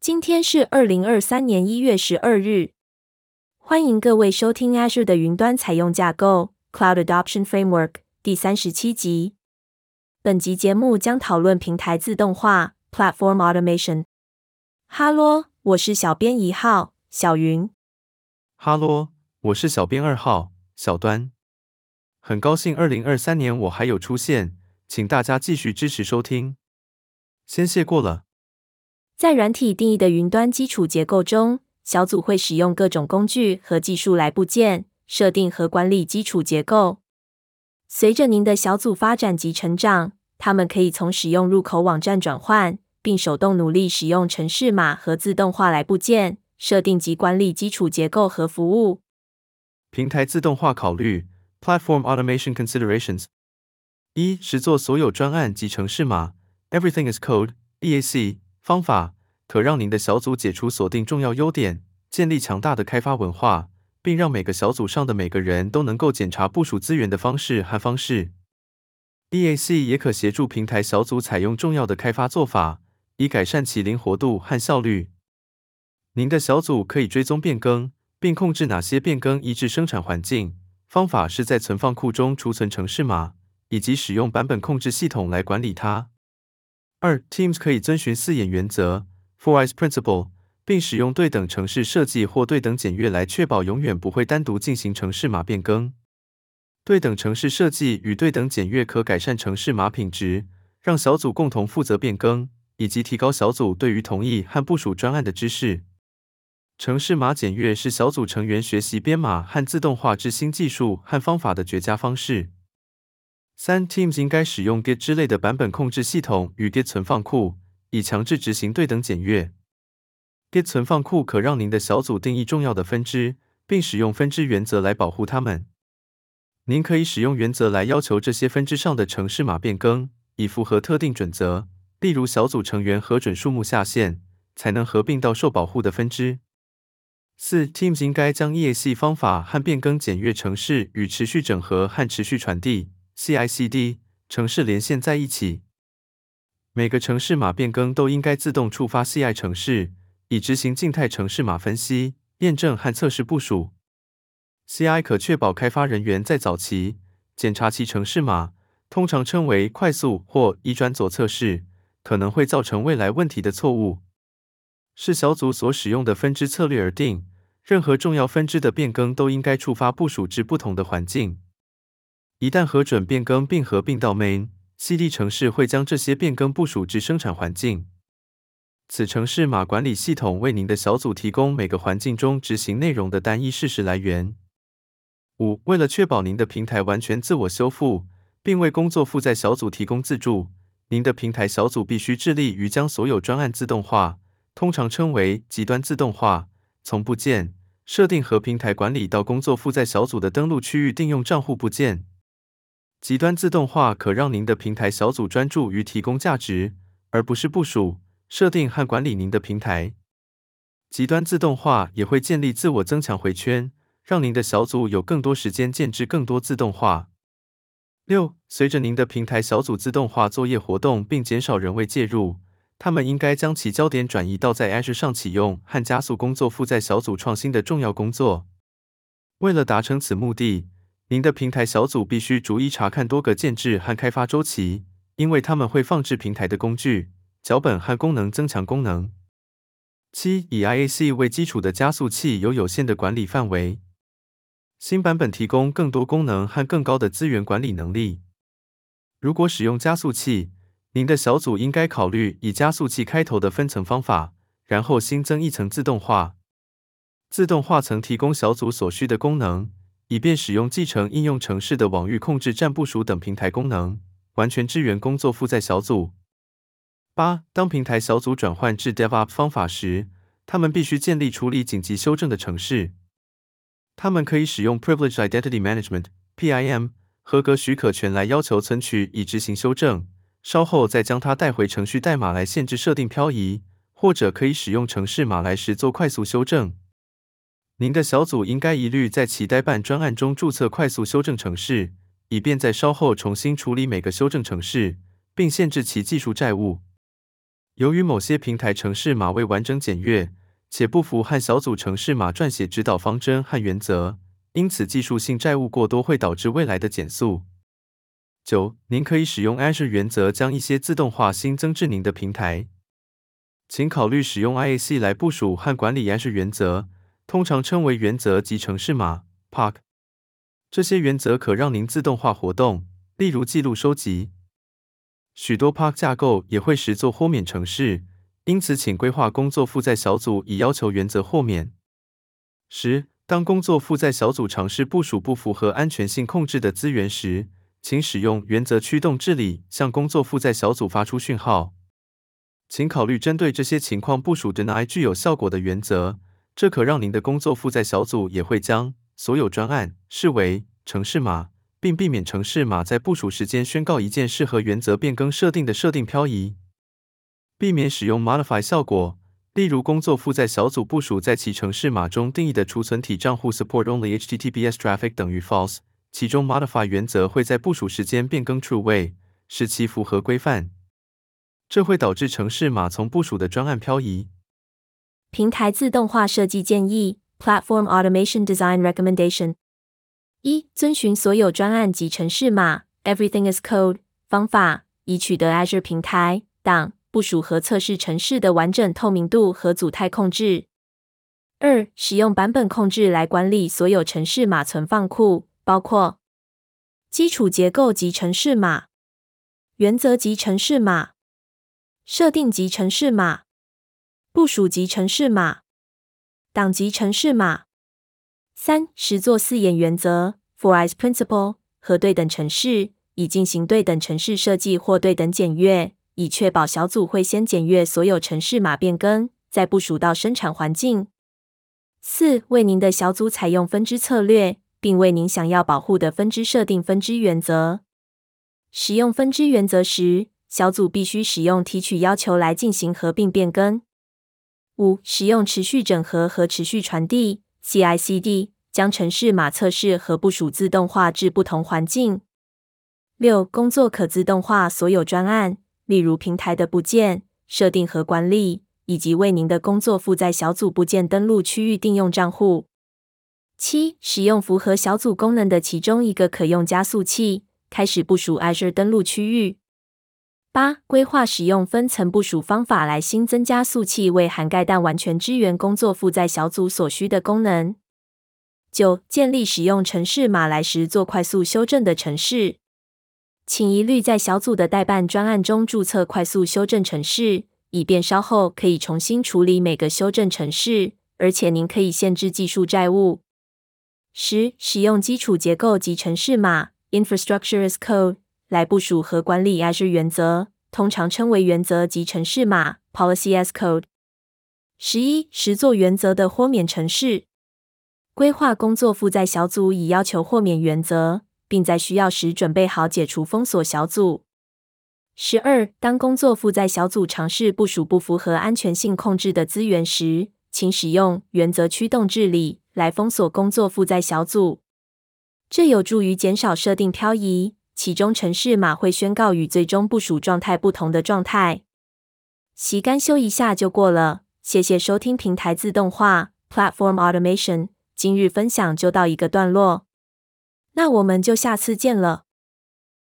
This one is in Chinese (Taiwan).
今天是二零二三年一月十二日，歡迎各位收聽 Azure 的雲端採用架構 Cloud Adoption Framework 第三十七集。本集節目將討論平台自動化 Platform Automation。哈嘍，我是小編一號小雲。哈嘍，我是小編二號小端。很高興二零二三年我還有出現，請大家繼續支持收聽，先謝過了。在軟體定義的雲端基礎結構中，小組會使用各種工具和技術來部件、設定和管理基礎結構。隨着您的小組發展及成長，他們可以從使用入口網站轉換，並手動努力使用程式碼和自動化來部件、設定及管理基礎結構和服務。平台自動化考慮 （Platform Automation Considerations） 一。一實作所有專案及程式碼 （Everything is Code, EAC） 方法。可讓您的小組解除鎖定重要優點，建立強大的開發文化，並讓每個小組上的每個人都能夠檢查部署資源的方式和方式。D A C 也可協助平台小組採用重要的開發做法，以改善其靈活度和效率。您的小組可以追蹤變更，並控制哪些變更移至生產環境。方法是在存放庫中儲存程式碼，以及使用版本控制系統來管理它。二 Teams 可以遵循四眼原則。Four Eyes Principle，並使用對等程式設計或對等檢閱來確保永遠不會單獨進行程式碼變更。對等程式設計與對等檢閱可改善程式碼品質，讓小組共同負責變更，以及提高小組對於同意和部署專案的知識。程式碼檢閱是小組成員學習編碼和自動化之新技術和方法的絕佳方式。三 Teams 應該使用 Git 之類的版本控制系統與 Git 存放庫。.以強制執行對等檢閱。Git 存放庫可讓您的小組定義重要的分支，並使用分支原則來保護它們。您可以使用原則來要求這些分支上的程式碼變更，以符合特定準則，例如小組成員核准數目下限，才能合併到受保護的分支。四 Teams 應該將 IaC 方法和變更檢閱程式與持續整合和持續傳遞 （CI/CD） 程式連線在一起。每個程式碼變更都應該自動觸發 CI 程式，以執行靜態程式碼分析、驗證和測試部署。CI 可確保開發人員在早期檢查其程式碼，通常稱為快速或移轉左測試，可能會造成未來問題的錯誤。視小組所使用的分支策略而定，任何重要分支的變更都應該觸發部署至不同的環境。一旦核准變更並合併到 main。西麗城市會將這些變更部署至生產環境。此城市碼管理系統為您的小組提供每個環境中執行內容的單一事實來源。五、為了確保您的平臺完全自我修復，並為工作負載小組提供自助，您的平臺小組必須致力於將所有專案自動化，通常稱為極端自動化，從部件、設定和平臺管理到工作負載小組的登陸區域、訂用帳戶部件。極端自動化可讓您的平台小組專注於提供價值，而不是部署、設定和管理您的平台。極端自動化也會建立自我增強迴圈，讓您的小組有更多時間建置更多自動化。六，隨着您的平台小組自動化作業活動並減少人為介入，他們應該將其焦點轉移到在 Azure 上啟用和加速工作負載小組創新的重要工作。為了達成此目的，您的平台小組必須逐一查看多個建制和開發周期，因為他們會放置平台的工具、腳本和功能增強功能。七，以 IAC 為基礎的加速器有有限的管理範圍。新版本提供更多功能和更高的資源管理能力。如果使用加速器，您的小組應該考慮以加速器開頭的分層方法，然後新增一層自動化。自動化層提供小組所需的功能。以便使用繼承應用程式的網域控制站部署等平台功能，完全支援工作負載小組。八，當平台小組轉換至 DevOps 方法時，他們必須建立處理緊急修正的程式。他們可以使用 Privileged Identity Management (PIM) 合格許可權來要求存取，以執行修正，稍後再將它帶回程序代碼來限制設定漂移，或者可以使用程式碼來時做快速修正。您的小組應該一律在其待辦專案中註冊快速修正程式，以便在稍後重新處理每個修正程式，並限制其技術債務。由於某些平台程式碼未完整檢閱，且不符合小組程式碼撰寫指導方針和原則，因此技術性債務過多會導致未來的減速。九，您可以使用 Azure 原則將一些自動化新增至您的平台。請考慮使用 IAC 來部署和管理 Azure 原則。通常稱為原則即程式碼 （PAC）。這些原則可讓您自動化活動，例如記錄收集。許多 PAC 架構也會實作豁免程式，因此請規劃工作負載小組以要求原則豁免。十，當工作負載小組嘗試部署不符合安全性控制的資源時，請使用原則驅動治理向工作負載小組發出訊號。請考慮針對這些情況部署 deny 具有效果的原則。這可讓您的工作負載小組也會將所有專案視為程式碼，並避免程式碼在部署時間宣告一件適合原則變更設定的設定漂移。避免使用 modify 效果，例如工作負載小組部署在其程式碼中定義的儲存體賬戶 support only HTTPS traffic 等於 false，其中 modify 原則會在部署時間變更 true 位，使其符合規範。這會導致程式碼從部署的專案漂移。平台自動化設計建議 （Platform Automation Design Recommendation）：一、遵循所有專案及程式碼 （Everything is Code） 方法，以取得 Azure 平台、檔部署和測試程式的完整透明度和組態控制。二、使用版本控制來管理所有程式碼存放庫，包括基礎結構及程式碼、原則及程式碼、設定及程式碼。部署及程式碼，黨級程式碼。三、實做四眼原則 Four Eyes Principle 和對等程式，以進行對等程式設計或對等檢閱，以確保小組會先檢閱所有程式碼變更，再部署到生產環境。四、為您的小組採用分支策略，並為您想要保護的分支設定分支原則。使用分支原則時，小組必須使用提取要求來進行合併變更。五、使用持續整合和持續傳遞 （CI/CD） 將程式碼測試和部署自動化至不同環境。六、工作可自動化所有專案，例如平台的部件設定和管理，以及為您的工作負載小組部件登錄區域定用賬戶。七、使用符合小組功能的其中一個可用加速器，開始部署 Azure 登錄區域。八、規劃使用分層部署方法來新增加速器，為涵蓋但完全支援工作負載小組所需的功能。九、建立使用程式碼來實做快速修正的程式，請一律在小組的待辦專案中註冊快速修正程式，以便稍後可以重新處理每個修正程式，而且您可以限制技術債務。十、使用基礎結構及程式碼 （Infrastructure as Code）。來部署和管理 Azure 原則，通常稱為原則及程式碼 （Policy as Code）。十一，實作原則的豁免程式。規劃工作負載小組已要求豁免原則，並在需要時準備好解除封鎖小組。十二，當工作負載小組嘗試部署不符合安全性控制的資源時，請使用原則驅動治理來封鎖工作負載小組。這有助於減少設定漂移。其中，程式碼會宣告與最終部署狀態不同的狀態。習幹修一下就過了，謝謝收聽平台自動化 （Platform Automation）。今日分享就到一個段落，那我們就下次見了。